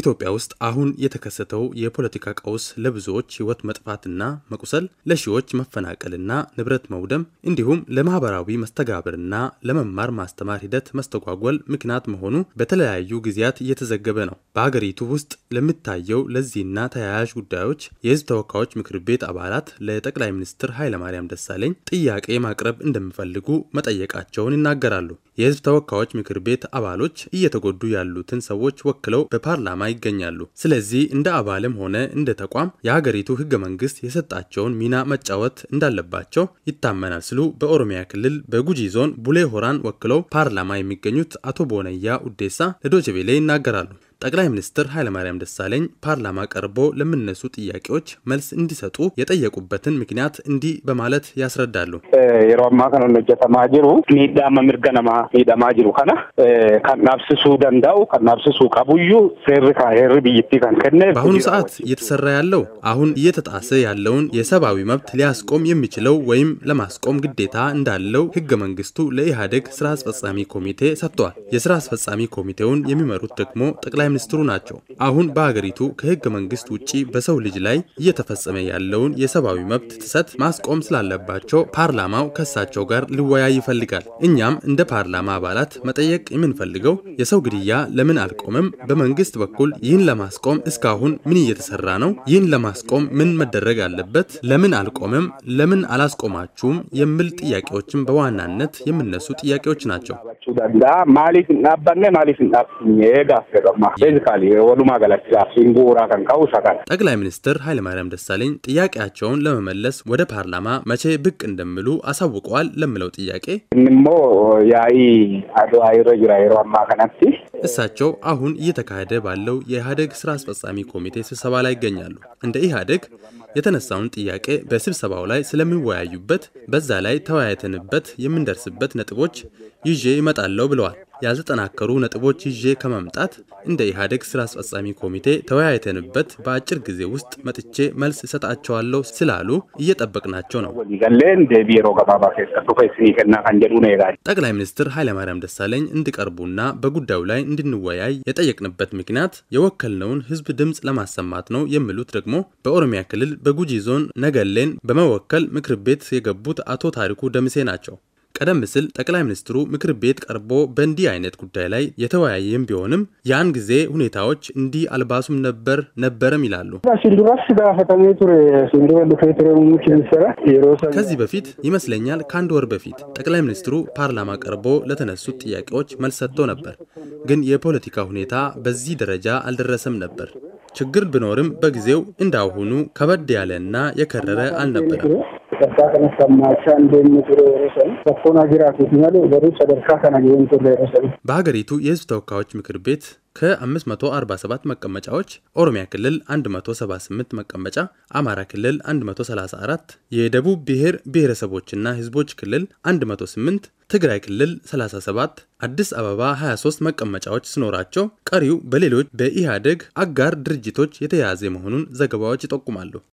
ኢትዮጵያ ውስጥ አሁን የተከሰተው የፖለቲካ ቀውስ ለብዙዎች ህይወት መጥፋትና መቁሰል፣ ለሺዎች መፈናቀልና ንብረት መውደም እንዲሁም ለማህበራዊ መስተጋብርና ለመማር ማስተማር ሂደት መስተጓጎል ምክንያት መሆኑ በተለያዩ ጊዜያት እየተዘገበ ነው። በሀገሪቱ ውስጥ ለሚታየው ለዚህና ተያያዥ ጉዳዮች የህዝብ ተወካዮች ምክር ቤት አባላት ለጠቅላይ ሚኒስትር ኃይለማርያም ደሳለኝ ጥያቄ ማቅረብ እንደሚፈልጉ መጠየቃቸውን ይናገራሉ። የህዝብ ተወካዮች ምክር ቤት አባሎች እየተጎዱ ያሉትን ሰዎች ወክለው በፓርላማ ይገኛሉ። ስለዚህ እንደ አባልም ሆነ እንደ ተቋም የሀገሪቱ ህገ መንግስት የሰጣቸውን ሚና መጫወት እንዳለባቸው ይታመናል ሲሉ በኦሮሚያ ክልል በጉጂ ዞን ቡሌ ሆራን ወክለው ፓርላማ የሚገኙት አቶ ቦነያ ውዴሳ ለዶችቤሌ ይናገራሉ። ጠቅላይ ሚኒስትር ኃይለማርያም ደሳለኝ ፓርላማ ቀርቦ ለሚነሱ ጥያቄዎች መልስ እንዲሰጡ የጠየቁበትን ምክንያት እንዲህ በማለት ያስረዳሉ። የሮማ ከነ ጀተማ ጅሩ ሚዳመ ምርገነማ ሚዳማ ጅሩ ከነ ከናብስሱ ደንዳው ከናብስሱ ቀቡዩ ሴርካ ሄር ብይቲ ከን ከነ በአሁኑ ሰዓት እየተሰራ ያለው አሁን እየተጣሰ ያለውን የሰብአዊ መብት ሊያስቆም የሚችለው ወይም ለማስቆም ግዴታ እንዳለው ህገ መንግስቱ ለኢህአዴግ ስራ አስፈጻሚ ኮሚቴ ሰጥቷል። የስራ አስፈጻሚ ኮሚቴውን የሚመሩት ደግሞ ጠቅላይ ሚኒስትሩ ናቸው። አሁን በሀገሪቱ ከህገ መንግስት ውጪ በሰው ልጅ ላይ እየተፈጸመ ያለውን የሰብአዊ መብት ጥሰት ማስቆም ስላለባቸው ፓርላማው ከሳቸው ጋር ሊወያይ ይፈልጋል። እኛም እንደ ፓርላማ አባላት መጠየቅ የምንፈልገው የሰው ግድያ ለምን አልቆመም? በመንግስት በኩል ይህን ለማስቆም እስካሁን ምን እየተሰራ ነው? ይህን ለማስቆም ምን መደረግ አለበት? ለምን አልቆመም? ለምን አላስቆማችሁም? የሚል ጥያቄዎችን በዋናነት የሚነሱ ጥያቄዎች ናቸው። ቤዚካሊ ወሉማ ገለች ፊን ከንካው ሰቀን ጠቅላይ ሚኒስትር ኃይለማርያም ደሳለኝ ጥያቄያቸውን ለመመለስ ወደ ፓርላማ መቼ ብቅ እንደሚሉ አሳውቀዋል። ለምለው ጥያቄ እንሞ ያይ አድዋ ይረጅራ የሮ አማ ከነቲ እሳቸው አሁን እየተካሄደ ባለው የኢህአዴግ ስራ አስፈጻሚ ኮሚቴ ስብሰባ ላይ ይገኛሉ። እንደ ኢሀደግ የተነሳውን ጥያቄ በስብሰባው ላይ ስለሚወያዩበት በዛ ላይ ተወያይተንበት የምንደርስበት ነጥቦች ይዤ ይመጣለሁ ብለዋል። ያልተጠናከሩ ነጥቦች ይዤ ከመምጣት እንደ ኢህአዴግ ስራ አስፈጻሚ ኮሚቴ ተወያይተንበት በአጭር ጊዜ ውስጥ መጥቼ መልስ እሰጣቸዋለሁ ስላሉ እየጠበቅናቸው ነው። ጠቅላይ ሚኒስትር ኃይለማርያም ደሳለኝ እንዲቀርቡና በጉዳዩ ላይ እንድንወያይ የጠየቅንበት ምክንያት የወከልነውን ህዝብ ድምፅ ለማሰማት ነው የሚሉት ደግሞ በኦሮሚያ ክልል በጉጂ ዞን ነገሌን በመወከል ምክር ቤት የገቡት አቶ ታሪኩ ደምሴ ናቸው። ቀደም ሲል ጠቅላይ ሚኒስትሩ ምክር ቤት ቀርቦ በእንዲህ አይነት ጉዳይ ላይ የተወያየም ቢሆንም ያን ጊዜ ሁኔታዎች እንዲህ አልባሱም ነበር ነበረም ይላሉ። ከዚህ በፊት ይመስለኛል ከአንድ ወር በፊት ጠቅላይ ሚኒስትሩ ፓርላማ ቀርቦ ለተነሱት ጥያቄዎች መልስ ሰጥቶ ነበር። ግን የፖለቲካ ሁኔታ በዚህ ደረጃ አልደረሰም ነበር። ችግር ቢኖርም በጊዜው እንዳሁኑ ከበድ ያለና የከረረ አልነበረም። sadarkaa kana sammaachaa hin deemne ture yeroo sani rakkoon jiraatuuti malee garuu sadarkaa kana ga'ee hin turre yeroo sani በሀገሪቱ የህዝብ ተወካዮች ምክር ቤት ከ547 መቀመጫዎች ኦሮሚያ ክልል 178 መቀመጫ፣ አማራ ክልል 134፣ የደቡብ ብሔር ብሔረሰቦችና ህዝቦች ክልል 108፣ ትግራይ ክልል 37፣ አዲስ አበባ 23 መቀመጫዎች ሲኖራቸው ቀሪው በሌሎች በኢህአዴግ አጋር ድርጅቶች የተያዘ መሆኑን ዘገባዎች ይጠቁማሉ።